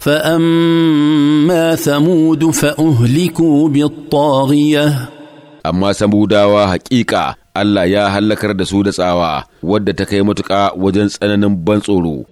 فأما ثمود فأهلكوا بالطاغية أما ثمود وا الله يا هلكر دسود ساوا ود تكيمتك وجنس أنا نبنصرو